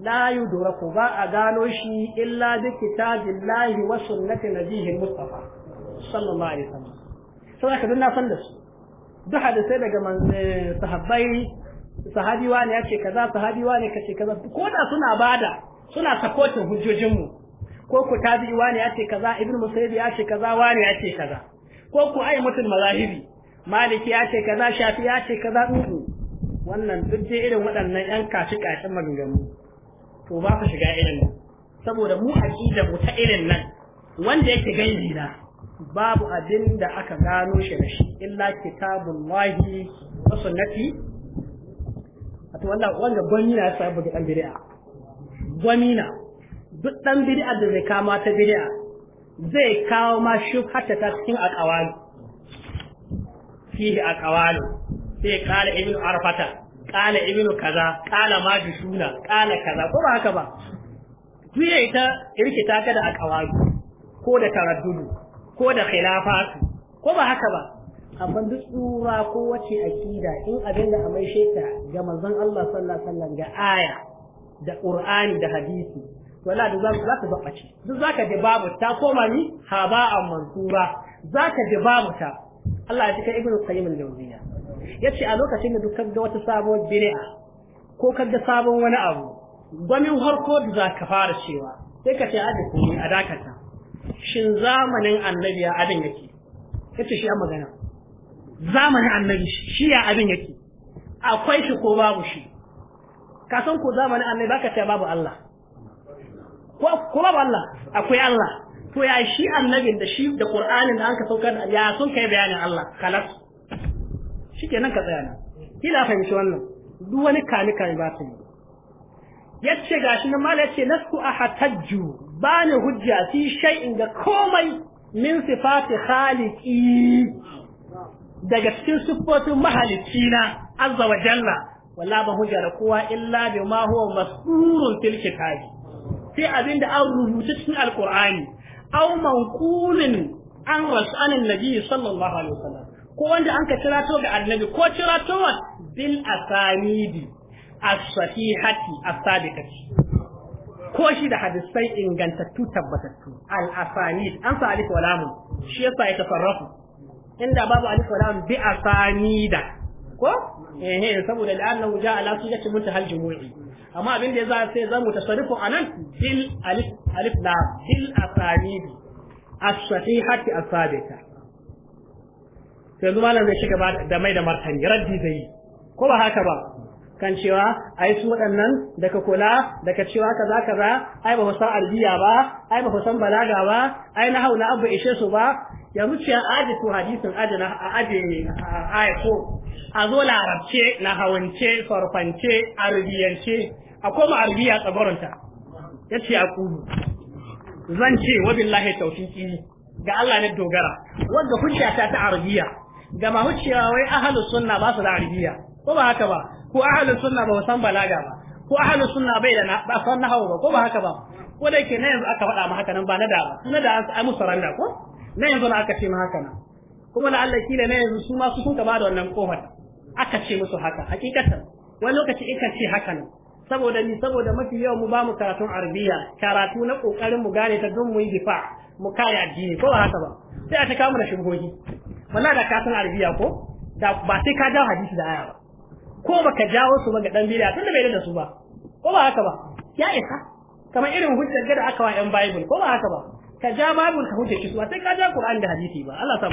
la yudraku ba a gano shi illa bi kitabillahi wa sunnati nabiyhi mustafa sallallahu alaihi wasallam sai aka danna san da su duk hadisai daga eh, sahabbai sahabiwa ne ya ce kaza sahabiwa ne kace kaza ko da suna bada suna sakotin hujjojinmu ko ku tabi wani ya ce kaza ibnu musayyib ya ce kaza wani ya ce kaza ko ku ai mutul mazahibi maliki ya ce kaza shafi ya ce kaza dudu wannan duk dai irin waɗannan yan kashi kashin maganganu to ba ka shiga irin nan saboda mu aqida mu ta irin nan wanda yake gani na babu abin da aka gano shi da shi illa kitabullahi wa sunnati wato wannan wanda gwamina ya sabu da ɗan bid'a gwamina duk ɗan bid'a da zai kama ta bid'a zai kawo ma hatta ta cikin aqwalu fihi aqwalu sai kala ibnu arfata kala ibnu kaza kala suna, kala kaza ko ba haka ba tuye ita irkita ka da aqwalu ko da taraddudu ko da khilafatu ko ba haka ba amma duk tsura ko wace akida in abin da amai sheka ga manzon Allah sallallahu alaihi wasallam ga aya da Qur'ani da hadisi wala da za ka zaɓace duk za ka ji babu ta koma ni a mansura za ka ji babu ta Allah ya cika ibn qayyim al-jawziya yace a lokacin da dukkan ga wata sabon bid'a ko kaga sabon wani abu gwamin harko da za ka fara cewa sai ka ce aje ku a dakata shin zamanin annabi ya abin yake yace shi a magana zamanin annabi shi ya abin yake akwai shi ko babu shi ka san ko zamanin annabi baka ce babu Allah ko ba Allah akwai Allah to ya shi annabin da shi da Qur'anin da an ka da ya sun kai bayanin Allah kalas shikenan ka tsaya nan kila fahimci wannan duk wani kani kani ba ta yace gashi nan mala yace lastu ahatajju bani hujja fi shay'in da komai min sifati khaliqi daga cikin siffofin na azza wa jalla ba hujja da kowa illa bima huwa mas'urun fil kitabi sai abin da an rubuta cikin alkur'ani aw manqulin an rasulun nabi sallallahu alaihi wasallam ko wanda an ka tirato ga annabi ko tirato bil asanidi as-sahihati as sadiqati ko shi da hadisai ingantattu tabbatattu al-asanid an sa alif wa lam shi yasa ya tafarrafu inda babu alif wa lam bi asanida ko eh saboda la'annahu ja'a ala sujati muntahal jumu'i amma abin da yasa sai zamu tasarrufu anan bil alif alif la bil asanidi as-sahihati as-sabita sai zuma nan zai shiga da mai da martani raddi zai ko ba haka ba kan cewa ai su waɗannan daga kula daga cewa kaza kaza ai ba san arbiya ba ai ba san balaga ba ai na hauna abu ishe su ba yanzu cewa aje to hadisin aje na aje a ko a zo larabce nahawance farfance, arabiyance a koma arabiya tsabaranta ya ce a kudu zan ce wabillahi billahi tawfiqi ga Allah ne dogara wanda hujja ta ta arabiya ga ma hujja wai ahlus sunna ba su da arabiya ko ba haka ba ko ahlus sunna ba san balaga ba ko ahlus sunna bai da ba san nahawu ba ko ba haka ba ko da ke na yanzu aka faɗa ma haka nan ba na da ba na da an musu ko na yanzu na aka ce ma haka nan kuma da Allah kila ne yanzu su ma su sun kama da wannan kofar aka ce musu haka hakikatan wani lokaci ikan ce haka ne saboda ni saboda mafi yawan mu ba mu karatun arabiya karatu na kokarin mu gane ta don mu yi difa mu kare addini ko ba haka ba sai a ta kama da shubuhohi wallahi da karatun arabiya ko da ba sai ka jawo hadisi da aya ba ko baka jawo su ba ga dan bidiya tunda bai da su ba ko ba haka ba ya isa kamar irin hujjar da aka wa yan bible ko ba haka ba ka ja babul ka hujjar su ba sai ka ja qur'ani da hadisi ba Allah ta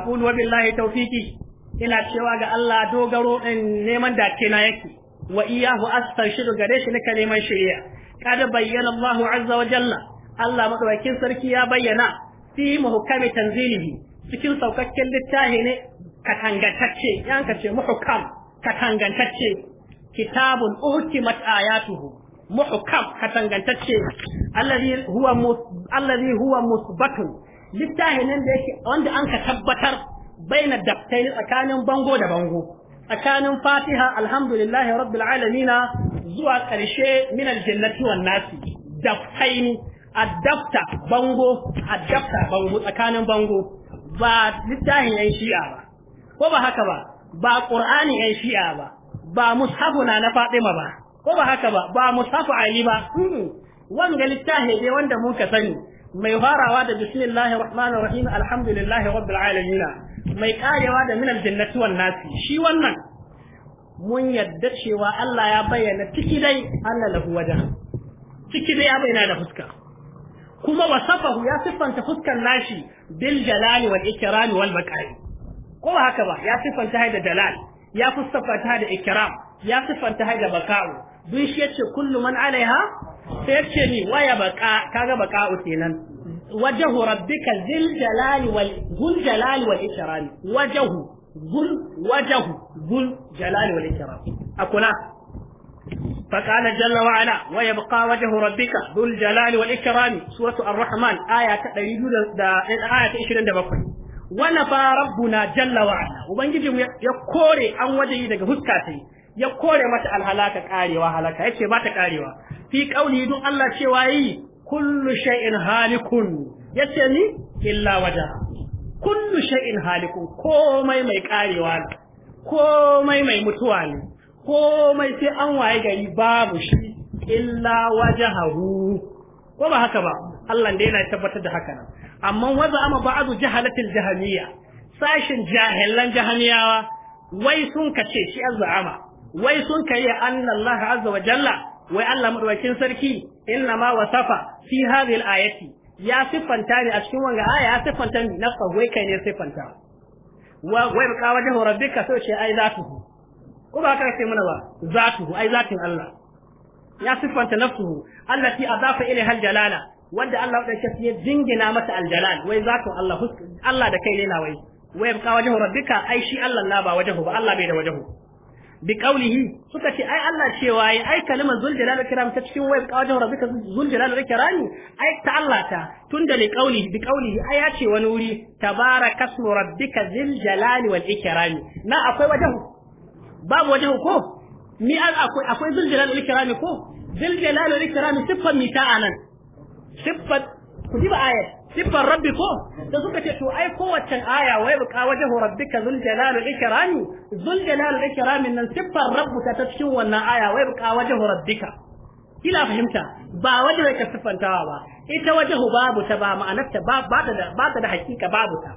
aqulu billahi tawfiqi ina cewa ga Allah dogaro neman dace na yake wa iyahu astanshidu gare shi nake neman shari'a kada bayyana Allah azza wa jalla Allah madaukakin sarki ya bayyana fi muhkami tanzilihi cikin saukakken littafi ne katangantacce yan ka ce muhkam katangantacce kitabun uhkimat ayatuhu muhkam katangantacce allazi huwa allazi huwa musbatun littafi nan da yake wanda an ka tabbatar baina daftari tsakanin bango da bango tsakanin fatiha alhamdulillahi rabbil Alamina zuwa ƙarshe min aljannati wan nasi daftai adapta bango adapta bango tsakanin bango ba littafin yan shi'a ba ko ba haka ba ba qur'ani yan shi'a ba ba mushafu na na fatima ba ko ba haka ba ba mushafu ali ba hmm. wanga littafi ne wanda mun ka sani mai farawa da bismillahir rahmanir rahim alhamdulillahi rabbil alamin mai karewa da min jannati wan nasi shi wannan mun yadda cewa Allah ya bayyana ciki dai Allah lahu wajen ciki dai ya bayyana da fuska kuma wasafahu ya siffanta fuskan nashi bil jalali wal ikrami wal baqai ko haka ba ya sifanta haida dalal ya fuskanta da ikiram ya sifanta da baka'u duk shi yace kullu man alaiha sai yace ni waya baka kaga baka'u kenan wajhu rabbika zil jalali wal zul jalali wal ikram wajhu zul wajhu zul jalali wal ikram akula فقال جل وعلا ويبقى وجه ربك ذو الجلال والإكرام سورة الرحمن آية 127 wana ba rabbuna jalla wa ala ubangiji ya kore an waje yi daga huska sai ya kore mata alhalaka karewa halaka yace ba ta karewa fi kauli dun Allah cewa yi kullu shay'in halikun yace ni illa waja kullu shay'in halikun komai mai karewa komai mai mutuwa ne komai sai an waye gari babu shi illa wajahu ko ba haka ba Allah da yana tabbatar da haka nan amma waza ama ba'adu jahalatil jahamiyya sashin jahilan jahamiyawa wai sun kace shi azzama wai sun kai anna Allah azza wa jalla wai Allah madaukakin sarki inna ma wasafa fi hadhihi al-ayati ya siffanta ne a cikin wanga aya ya siffanta ne na wai kai ne siffanta wa wai ka wajen rabbika sai ce ai zatuhu ko ba ka ce mana ba zatuhu ai zatin Allah ya siffanta nafsuhu allati adafa ilayha al-jalala wanda Allah da shi ya jingina mata aljalal wai zaka Allah Allah da kai ne na wai wai ka wajahu rabbika ai shi Allah na ba wajahu ba Allah bai da wajahu bi qaulihi suka ce ai Allah cewa ai ai kalimar zul jalal kiram ta cikin wai ka wajahu rabbika zul jalal kirami ai ta Allah ta tunda li qaulihi bi qaulihi ai ya ce wani wuri tabaraka smu rabbika zil jalal wal ikrami na akwai wajahu babu wajahu ko mi akwai akwai zul jalal wal ikrami ko zil jalal wal ikrami sifan mita anan siffar ku ji ba aya. siffar rabbi ko da suka ce to ai kowace aya wai buka wajen rabbika zul jalal al ikrami zul jalal al ikrami nan siffar rabbu ta ta cikin wannan aya wai buka wajen rabbika kila fahimta ba waje wai ka siffantawa ba ita wajen babu ta ba ma'anarta ba ba da ba da hakika babu ta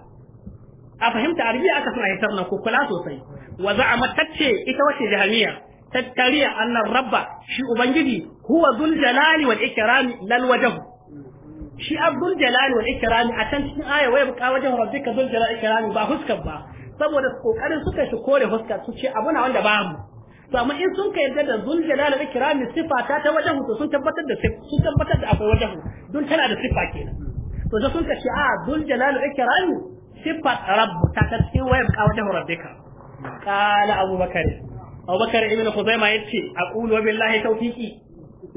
a fahimta arabiya aka suna hitar nan ko kula sosai wa za a tace ita wace jahamiya tattariya annar rabba shi ubangiji huwa zul jalali wal ikrami lal wajhu shi abdul jalal wal ikrami a can cikin aya wai buka wajen rabbika dul jalal ikrami ba huskar ba saboda kokarin suka shi kore huska su ce abu na wanda mu. to amma in sun ka yarda da zul jalal wal ikrami sifa ta ta wajen to sun tabbatar da sun tabbatar da akwai wajen don tana da sifa kenan to da sun ka ce a zul jalal wal ikrami sifa rabb ta ta cikin waya buka wajen rabbika qala abubakar abubakar ibn khuzaima yace aqulu billahi tawfiqi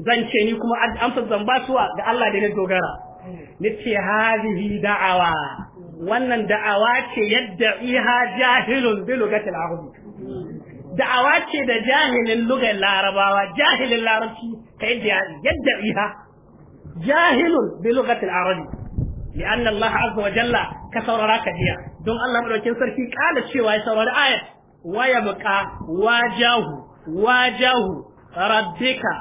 zan ce ni kuma amsa zan ba suwa ga Allah da ne dogara nace hadhihi da'awa wannan da'awa ce yadda iha jahilun bi lugatil arab da'awa ce da jahilin lugar larabawa jahilin larabci kai da yadda iha jahilun bi lugatil arab lian Allah azza wa jalla ka sauraraka jiya don Allah madaukin sarki kala cewa ya saurari ayat wayabqa wajahu wajahu rabbika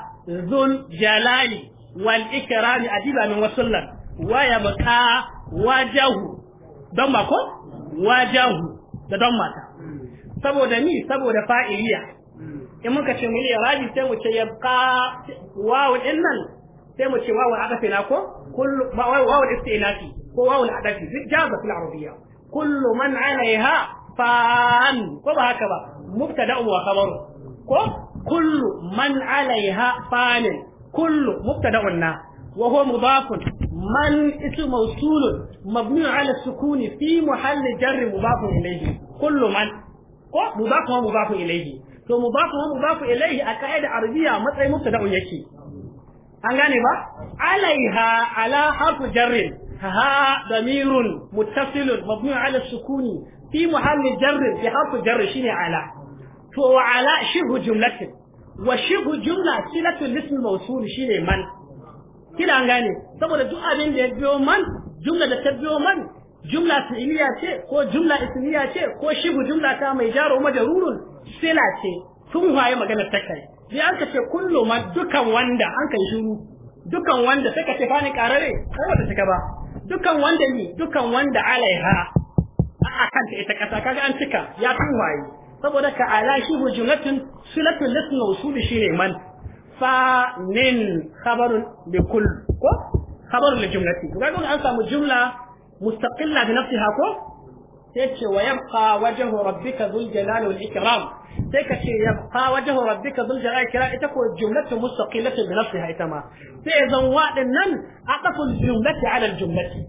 zul jalali wal ikrami adiba min wasallan wa ya baka wajahu don ba ko wajahu da don mata saboda ni saboda fa'iliya in muka ce mili irabi sai mu ce yabqa wawu dinnan sai mu ce wawu adafi na ko kullu wawu istinafi ko wawu adafi duk jaza fil arabiyya kullu man alaiha fan ko ba haka ba mubtada wa khabaru ko kullu man alaiha fanin كل مبتدا وهو مضاف من اسم موصول مبني على السكون في محل جر مضاف اليه كل من مضاف ومضاف اليه to mudafu wa mudafu ilaihi a ka'ida arabiya matsayin mubtada'un yake an gane ba alaiha ala harfu jarrin ha damirun muttasilun mabni ala sukuni fi muhalli jarrin bi harfu jarri shine ala to wa ala shibhu jumlatin wa shibu jumla silatul ism mawsul shine man kina an gane saboda duk abin da ya biyo man jumla da ta biyo man jumla fi'iliya ce ko jumla ismiya ce ko shibu jumla ta mai jaro majrurun sila ce tun waye magana ta kai sai an kace kullu ma dukan wanda an kai shiru dukan wanda suka ce fani karare ko wanda suka ba dukan wanda ni dukan wanda alaiha a ta ita kasa kaga an cika ya tun waye saboda ka ala shi hujulatun sulatun lisn usul shi ne man fa min khabarun bi kull ko khabarun li jumlati to kaga an samu jumla mustaqilla bi nafsiha ko sai ce wa yabqa wajhu rabbika dhul jalali wal ikram sai ka ce yabqa wajhu rabbika dhul jalali wal ikram ita ko jumlatu mustaqillatun bi nafsiha ita ma sai zan waɗannan aqaful jumlati ala al jumlati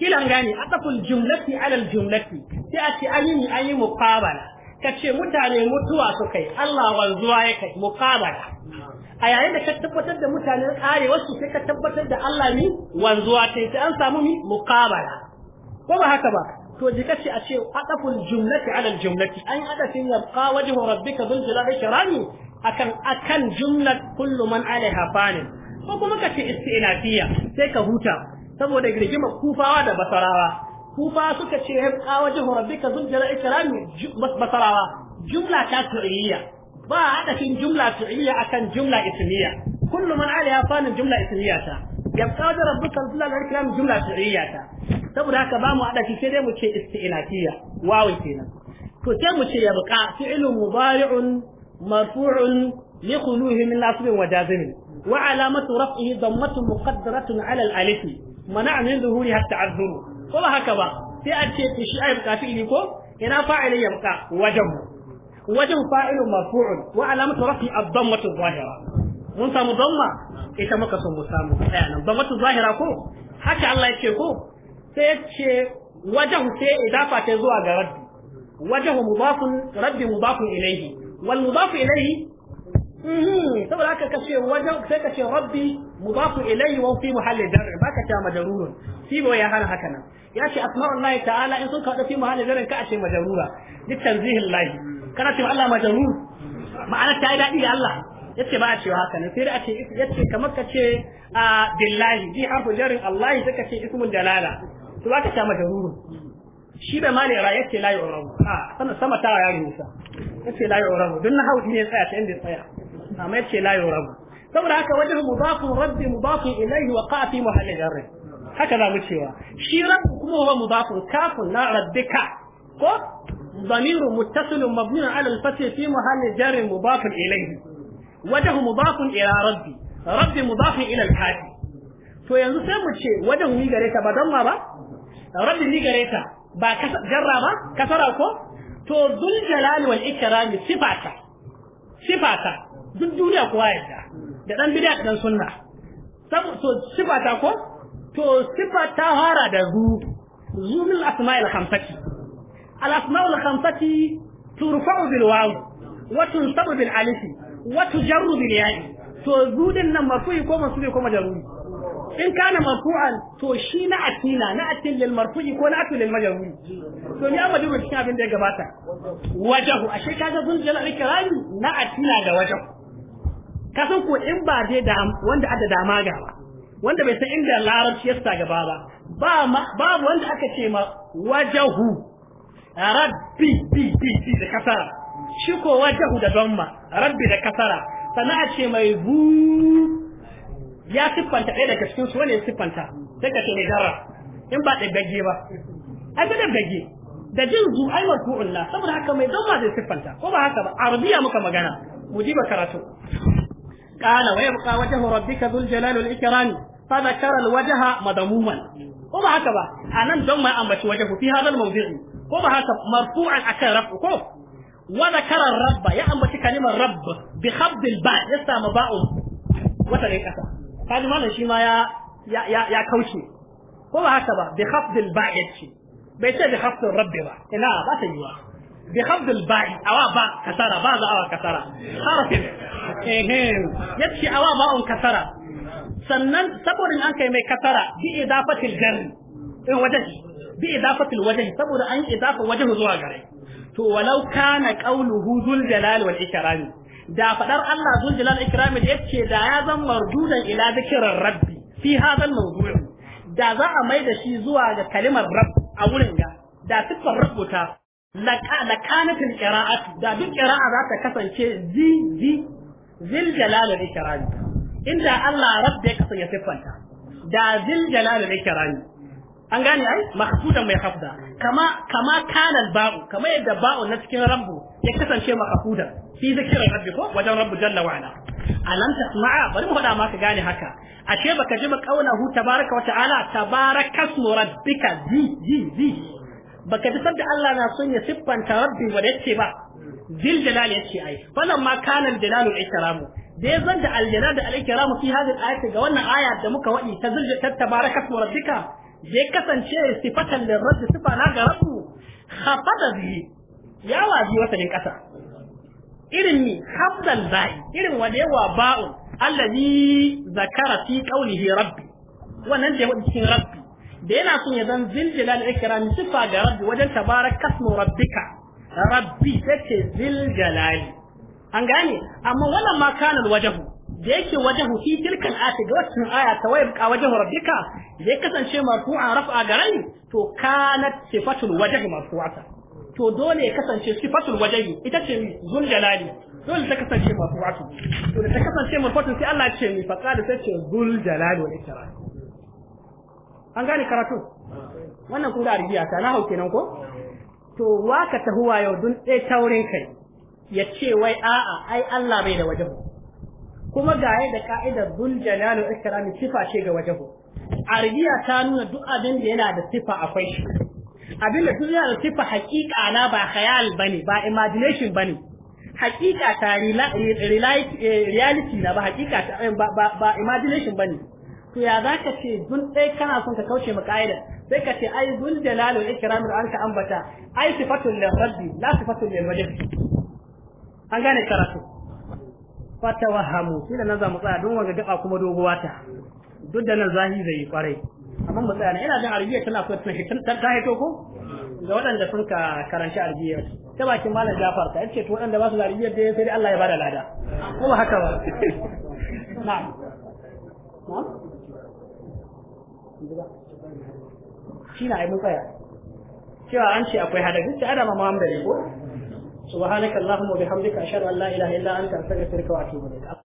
kilan gane kafin jumlati alal jumlati sai a ce an yi an yi muqabala kace mutane mutuwa su kai Allah wanzuwa ya kai muqabala a yayin da ka tabbatar da mutanen arewa su sai ka tabbatar da Allah ni wanzuwa ta sai an samu ni muqabala ko ba haka ba to jika ce a ce asaful jumlati alal jumlati an adafin yabqa wajhu rabbika dhul jalali karami akan akan jumlat kullu man alaiha ko kuma kace istinafiya sai ka huta saboda rigima kufawa da basarawa kufa suka ce hibqa wajhu rabbika zuljal ikrami basarawa jumla ta fi'liya ba hadafin jumla fi'liya akan jumla ismiya kullu man alaiha fanin jumla ismiya ta yabqa wajhu rabbika zuljal ikrami jumla fi'liya ta saboda haka ba mu hadafi sai dai mu ce isti'nafiya wawu kenan to sai mu ce yabqa fi'lun mudari'un marfu'un li khuluhi min nasbin wa jazmin وعلامة رفعه ضمة مقدرة على الألف mana amin zuhuri hatta azuru ko ba haka ba sai a ce to shi ayyuka fi'ili ko ina fa'ilin yabqa wajen wajen fa'ilun marfu'un wa alamatu rafi ad-dammatu zahira mun samu damma ita muka son mu samu tsaya nan dammatu zahira ko haka Allah yake ko sai ce wajen sai idafa ta zuwa ga rabbi wajen mudafun rabbi mudafun ilayhi wal mudafu ilayhi Mhm. saboda haka ka ce wajen sai ka ce rabbi mudafu ilayhi wa fi muhalli dar baka ta madarurun fi ba ya hana haka nan ya ce asma'ullahi ta'ala in sun ka fi muhalli dar ka ce madarura duk tanzihillahi kana ce Allah madarur ma'ana ta yi dadi ga Allah yace ba a ce haka ne sai da ake yace kamar ka ce a billahi bi harfu jarin Allah sai ka ce ismul dalala to baka ta madarurun shi da mali ra yace la yu'rabu a sama ta ya rubuta yace la yu'rabu dun na haudi ne tsaya ta inda tsaya amma yace la yurabu saboda haka wajhu mudafun rabbi mudafun ilayhi wa qa fi mahalli jarri haka za mu cewa shi rabbu kuma huwa mudafun kafun na rabbika ko ضمير متصل مبني على الفتح في محل جر مضاف إليه وجه مضاف إلى ربي ربي مضاف إلى الحاج to yanzu sai mu ce wajen ni gare ta ba don ma ba rabbi ni gare ta ba jarra ba kasara ko to dul duk duniya kowa yadda da dan bidiya da dan sunna sabo to sifa ta ko to sifa ta fara da zu zu min asma'il khamsati al asma'ul khamsati turfa'u bil waw wa tunsabu bil alif wa tujarru bil ya'i to zu din nan marfu'i ko mansubi ko majaruri in kana marfu'an to shi na atina na atin lil marfu'i ko na atin lil majaruri to ni amma duk cikin abin da ya gabata wajahu ashe kaga zun jala ikrami na atina da wajahu ka san ko in ba dai da wanda aka da maga ba wanda bai san inda larabci ya sa gaba ba ba wanda aka ce ma wajahu rabbi bi bi bi da kasara shi ko wajahu da dama rabbi da kasara sana a ce mai bu ya siffanta ɗaya daga cikin su wani ya siffanta sai ka ce mai in ba ɗaya gage ba ai ba da da jin zu ai marfu'un saboda haka mai dama zai siffanta ko ba haka ba arabiya muka magana mu ji ba karatu قال ويبقى وجه ربك ذو الجلال والإكرام فذكر الوجه مذموما ko ba haka ba anan don ma ambaci wajen fi hadal mawdi'i ko ba haka marfu'an akan rabb ko wa zakara rabba ya ambaci kalimar rabb bi ba ya sama ba'u wata ne kasa kaji malam ya ya ya haka ba bi ba ya ce bai ce bi khabdil rabb ba ina ba ta yi بخفض الباء أوا باء كسرة باء أوا كسرة حرف إيهين يبشي أوا باء كسرة sannan saboda an kai mai kasara bi idafatil jar in wajahi saboda an idafa wajahu zuwa gare to walau kana qauluhu zul jalal wal ikram da faɗar Allah zul jalal ikram da yace da ya zan mardudan ila kiran rabbi fi hadal mawdu' da za a mai da shi zuwa ga kalimar rabb a wurin ga da siffar rubuta lakanatin qira'at da duk qira'a za ta kasance zi zi zil jalal da kirani inda Allah rabbi ya kasance siffanta da zil jalal da an gane ai mahfudan mai hafda kama kama ba'u kama yadda ba'u na cikin rabbu ya kasance mahfudan fi zikirin rabbi ko wajen rabbu jalla wa ala alam tasma'a bari mu faɗa ma gane haka ashe baka ji ba kaunahu tabaraka wa ta'ala tabarakasmu rabbika zi zi zi baka ji da Allah na son ya siffanta rabbi wa yace ba dil jalal yace ai falan ma kana jalal al ikramu da ya zanta al jalal da al ikramu fi hadin ayati ga wannan aya da muka wadi ta zulja ta tabaraka rabbika ya kasance sifatan lil rabb sifa na ga rabbu khafada bi ya waji wasalin kasa irin ni Hamdan ba'i irin wanda yawa ba'un allazi zakara fi qawlihi rabbi wannan da ya wadi cikin rabbi da yana son ya zan ziljalal ikram sifa ga rabbi wajen tabarakasmu rabbika rabbi take ziljalali an gane amma wannan ma kana wajahu da yake wajahu fi tilkan ayati ga wannan aya ta wayar ka wajahu rabbika da ya kasance marfu'a raf'a ga rai to kanat sifatul wajhi marfu'ata to dole ya kasance sifatul wajhi ita ce zuljalali dole ta kasance marfu'atu to da ta kasance marfu'atu sai Allah ya ce mi faqa da sai ce zuljalali wal ikram an gane karatu wannan kun ga arabiya ta na hauke nan ko to waka huwa yau dun ɗaya taurin kai ya ce wai a'a ai Allah bai da wajahu kuma ga da ka'idar dun jalalu ikrami sifa ce ga wajahu arabiya ta nuna duk abin da yana da sifa akwai shi abin da duk yana da sifa haƙiƙa na ba khayal bane ba imagination bane haƙiƙa ta eh, reality na ba haƙiƙa ta ba imagination bane to ya za ka ce gun ɗaya kana son ka kauce ma ƙa'idar sai ka ce ai ya jalalu ikramin an ka ambata ai sifatun lil rabbi la sifatun lil wajh an gane karatu Hamu, shi da nan za mu tsaya don wanga gaba kuma doguwa ta duk da nan zahi zai yi kwarai amma mu tsaya ina jin arabiya tana so ta hitin ta hito ko ga waɗanda sun ka karanci arabiya ta bakin malam Jafar ta yace to waɗanda ba su da arabiya dai sai dai Allah ya bada lada ko ba haka ba na'am shi na ai tsaya cewa an ce akwai hadari ta adama ma ne ko subhanakallahumma wa bihamdika ashhadu an la ilaha illa anta astaghfiruka wa atubu ilaik